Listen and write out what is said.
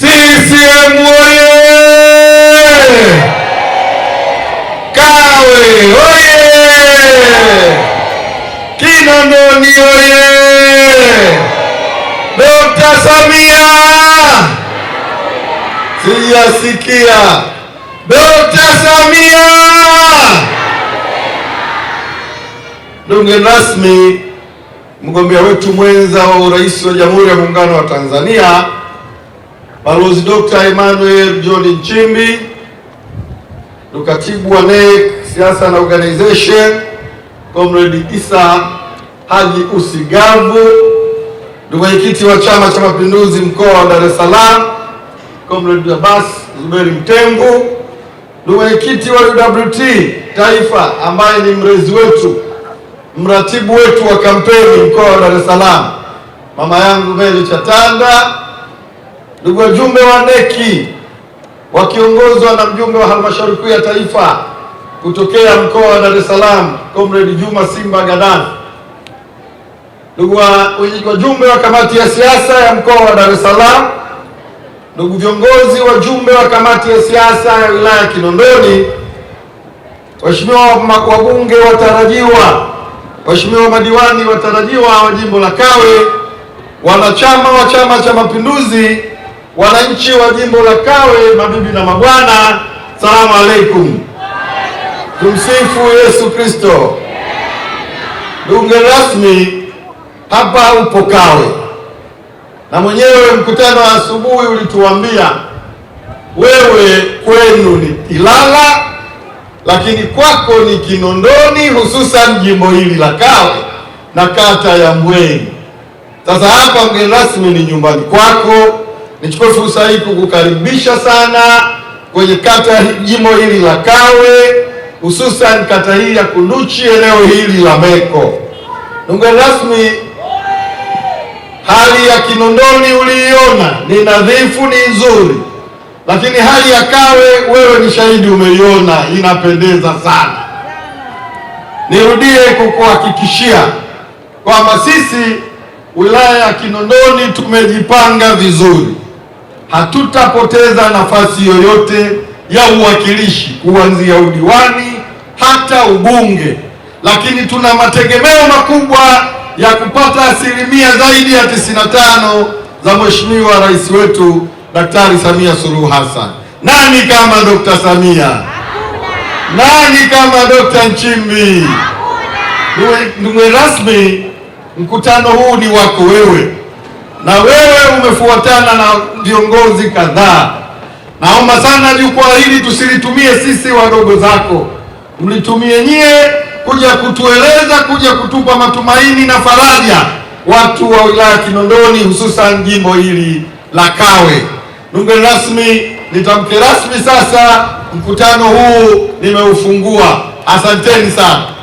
CCM oye! Kawe oye! Kinondoni oye! Dr. Samia sijasikia Dr. Samia. Ndugu rasmi, mgombea wetu mwenza wa urais wa Jamhuri ya Muungano wa Tanzania Balozi Dr. Emmanuel John Nchimbi, ukatibu wa NEC siasa na organization, Comrade Isa Haji Usigavu, ndugu mwenyekiti wa Chama cha Mapinduzi mkoa wa Dar es Salaam, Comrade Abbas Zuberi Mtengu, ndugu mwenyekiti wa UWT taifa ambaye ni mrezi wetu, mratibu wetu wa kampeni mkoa wa Dar es Salaam, mama yangu Mary Chatanda Ndugu wajumbe wa neki wakiongozwa na mjumbe wa halmashauri kuu ya taifa kutokea mkoa wa Dar es Salaam Comrade Juma Simba gadan ndugu wajumbe wa kamati ya siasa ya mkoa wa Dar es Salaam, ndugu viongozi wajumbe wa kamati ya siasa ya wilaya ya Kinondoni, waheshimiwa wabunge watarajiwa, waheshimiwa madiwani watarajiwa wa jimbo la Kawe, wanachama wa Chama cha Mapinduzi wananchi wa jimbo la Kawe, mabibi na mabwana, salamu alaikum. Tumsifu Yesu Kristo. Mgeni rasmi hapa upo Kawe, na mwenyewe mkutano wa asubuhi ulituambia wewe kwenu ni Ilala, lakini kwako ni Kinondoni, hususan jimbo hili la Kawe na kata ya Mweni. Sasa hapa mgeni rasmi ni nyumbani kwako Nichukue fursa hii kukukaribisha sana kwenye kata jimbo hili la Kawe, hususan kata hii ya Kunduchi, eneo hili la Meko. Mgeni rasmi, hali ya Kinondoni uliiona ni nadhifu, ni nzuri, lakini hali ya Kawe wewe ni shahidi, umeiona inapendeza sana. Nirudie kukuhakikishia kwamba sisi wilaya ya Kinondoni tumejipanga vizuri hatutapoteza nafasi yoyote ya uwakilishi kuanzia udiwani hata ubunge, lakini tuna mategemeo makubwa ya kupata asilimia zaidi ya 95 za Mheshimiwa Rais wetu Daktari Samia Suluhu Hassan. Nani kama Dokta Samia? Hakuna. Nani kama Dokta Nchimbi? Hakuna. Ndugu rasmi, mkutano huu ni wako wewe na wewe umefuatana na viongozi kadhaa. Naomba sana jukwaa hili tusilitumie sisi wadogo zako, ulitumie nyie kuja kutueleza, kuja kutupa matumaini na faraja watu wa wilaya Kinondoni, hususan jimbo hili la Kawe. Nunge rasmi, nitamke rasmi sasa, mkutano huu nimeufungua. Asanteni sana.